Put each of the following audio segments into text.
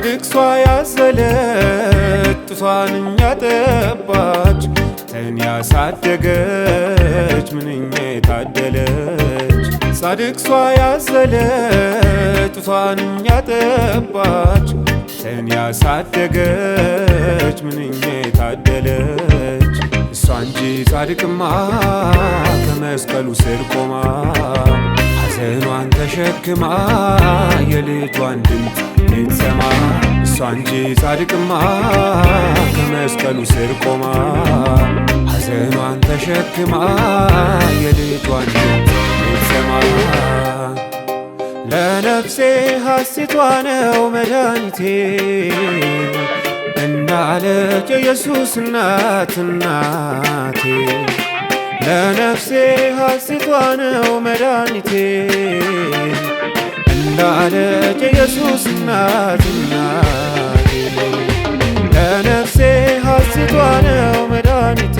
አድቅሷ ያዘለች ጡቷን ያጠባች እኔ ያሳደገች ምንኛ የታደለች ጻድቅሷ ያዘለች ጡቷን ያጠባች እኔ ያሳደገች ምንኛ የታደለች እሷ እንጂ ጻድቅማ ከመስቀሉ ስር ቆማ ጽኗን ተሸክማ የልጇን ድምፅ ልትሰማ እሷ እንጂ ጻድቅማ ከመስቀሉ ስር ቆማ ሐዘኗን ተሸክማ የልጇን ድምፅ ልትሰማ ለነፍሴ ሐሴቷ ነው መድኃኒቴ እናለች የኢየሱስ እናት እናቴ ለነፍሴ ሐሴቷ ነው መድኃኒቴ እንዳለች ኢየሱስ ናትና ለነፍሴ ሐሴቷ ነው መድኃኒቴ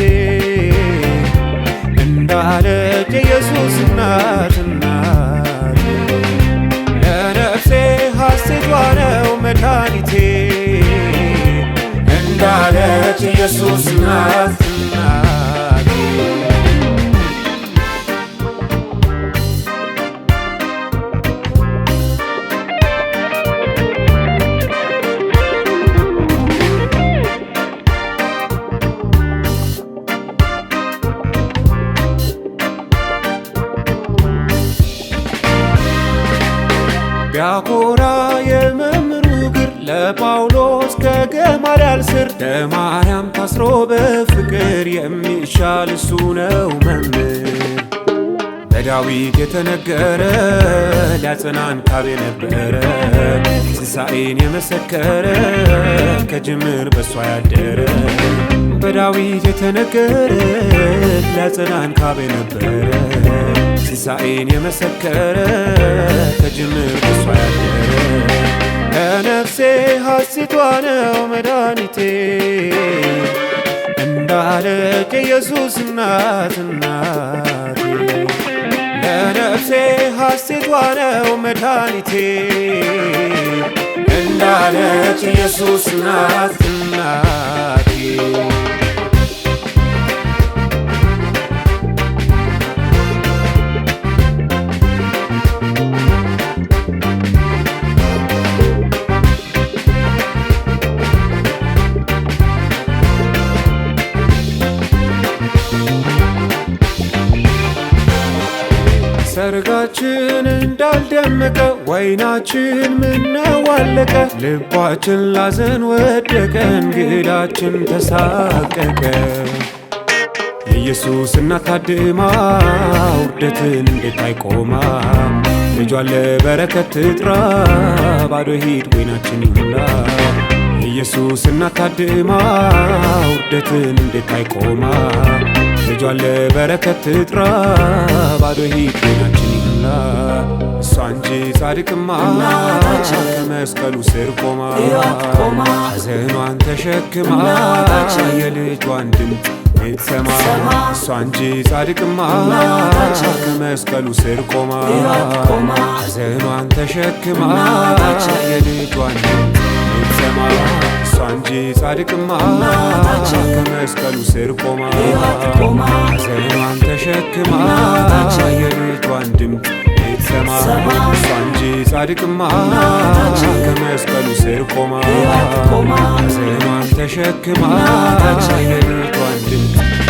እንዳለች ኢየሱስ ናትና ለነፍሴ ሐሴቷ ነው መድኃኒቴ እንዳለች ኢየሱስ ናት ያኮራ የመምህሩ እግር ለጳውሎስ ከገማርያል ስር ለማርያም ታስሮ በፍቅር የሚሻል እሱ ነው መምህር በዳዊት የተነገረ ሊያጽናን ካብ የነበረ ትንሣኤን የመሰከረ ከጅምር በሷ ያደረ በዳዊት የተነገረ ሊያጽናን ካብ የነበረ ትንሣኤን የመሰከረ እንዳለች ኢየሱስ እናት እናቴ ለነፍሴ ሐሴቷ ነው መድኃኒቴ እንዳለች ኢየሱስ እናት እናቴ ሰርጋችን እንዳልደመቀ ወይናችን ምነዋለቀ ልባችን ላዘን ወደቀ እንግዳችን ተሳቀቀ። ኢየሱስ እናታድማ ታድማ ውርደትን እንዴት አይቆማ ልጇን ለበረከት ትጥራ ባዶ ሂድ ወይናችን ይሁና ኢየሱስ እናታድማ ውርደትን እንዴት አይቆማ ልጇን ለበረከት ትጥራ ባዶ ሂድ ጤናችን ይላ እሷ እንጂ ጻድቅማ ከመስቀሉ ስር ቆማ ሐዘኗን ተሸክማ የልጇን ድምፅ ቤትሰማ እሷ እንጂ ጻድቅማ ከመስቀሉ ስር ቆማ ሐዘኗን ተሸክማ የልጇን ድምፅ ጻድቅማ ከመስቀሉ ስር ቆማ ሰላም ተሸክማ የልጇን ድምፅ ሰማ እሷ እንጂ ጻድቅማ ከመስቀሉ ስር ቆማ ሰላም ተሸክማ የልጇን ድምፅ